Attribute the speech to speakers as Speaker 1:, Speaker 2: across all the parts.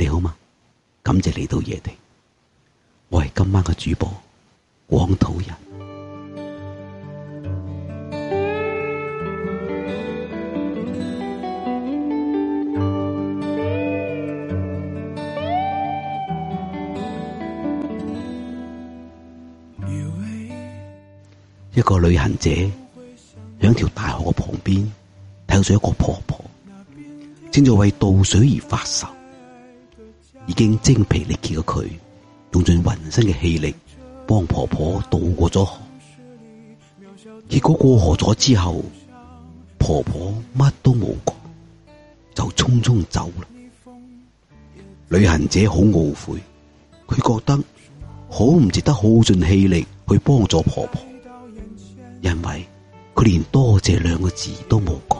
Speaker 1: 你好嘛？感謝嚟到夜聽。我係今晚嘅主播，廣土人。一個旅行者響條大河嘅旁邊，睇到咗一個婆婆正在為渡水而發愁。已經精疲力竭嘅佢，用盡渾身嘅氣力幫婆婆渡過咗河，結果過河咗之後，婆婆乜都冇講，就匆匆走啦。旅行者好懊悔，佢覺得好唔值得耗盡氣力去幫助婆婆，因為佢連多謝兩個字都冇講。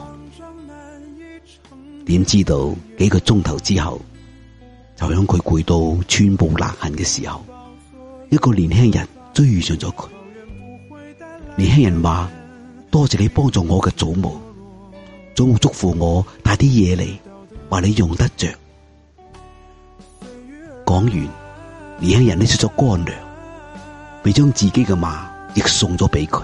Speaker 1: 點知道幾個鐘頭之後，就響佢攰到寸步難行嘅時候，一個年輕人追上咗佢。年輕人話：多謝你幫助我嘅祖母，祖母囑咐我帶啲嘢嚟，話你用得着。講完，年輕人搦出咗乾糧，被將自己嘅馬亦送咗俾佢。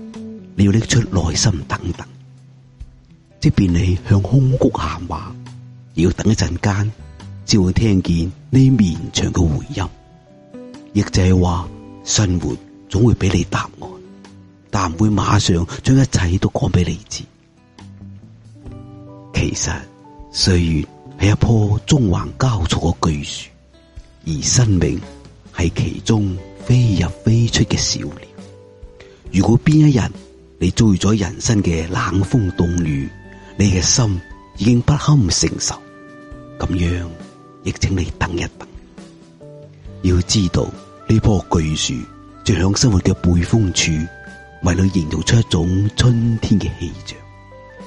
Speaker 1: 你要拎出耐心等等，即便你向空谷喊話，要等一陣間，只會聽見呢綿長嘅回音，亦就係話生活總會俾你答案，但唔會馬上將一切都講俾你知。其實歲月係一棵縱橫交錯嘅巨樹，而生命係其中飛入飛出嘅少年。如果邊一日？你遭遇咗人生嘅冷風凍雨，你嘅心已經不堪承受。咁樣亦請你等一等。要知道呢棵巨樹就響生活嘅背風處，為你營造出一種春天嘅氣象，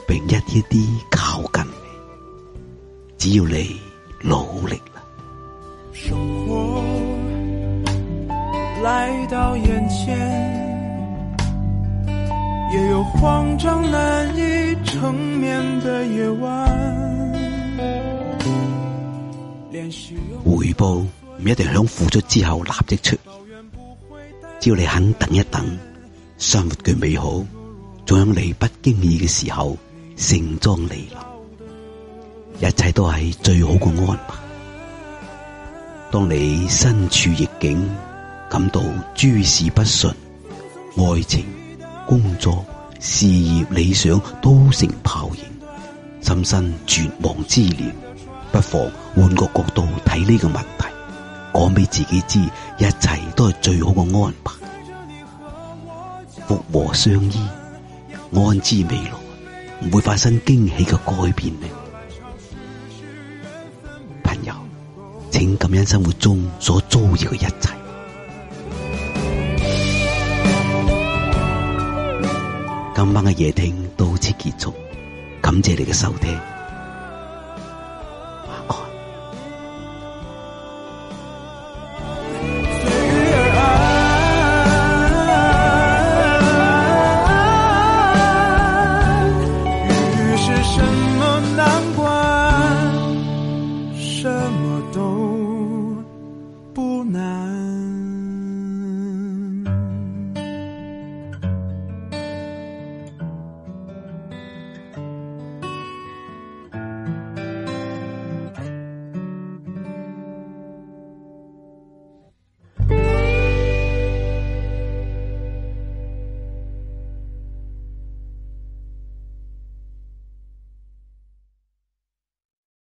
Speaker 1: 並一啲一啲靠近你。只要你努力啦，生
Speaker 2: 活來到眼前。也有慌張難以成眠嘅
Speaker 1: 夜晚回報唔一定響付出之後立即出，只要你肯等一等，生活嘅美好總喺你不經意嘅時候盛裝嚟臨。一切都係最好嘅安排。當你身處逆境，感到諸事不順，愛情。工作、事業、理想都成泡影，心生絕望之念。不妨換個角度睇呢個問題，講俾自己知，一切都係最好嘅安排。福禍相依，安知未來唔會發生驚喜嘅改變呢？朋友，請感恩生活中所遭遇嘅一切。今晚嘅夜聽到此結束，感謝你嘅收聽。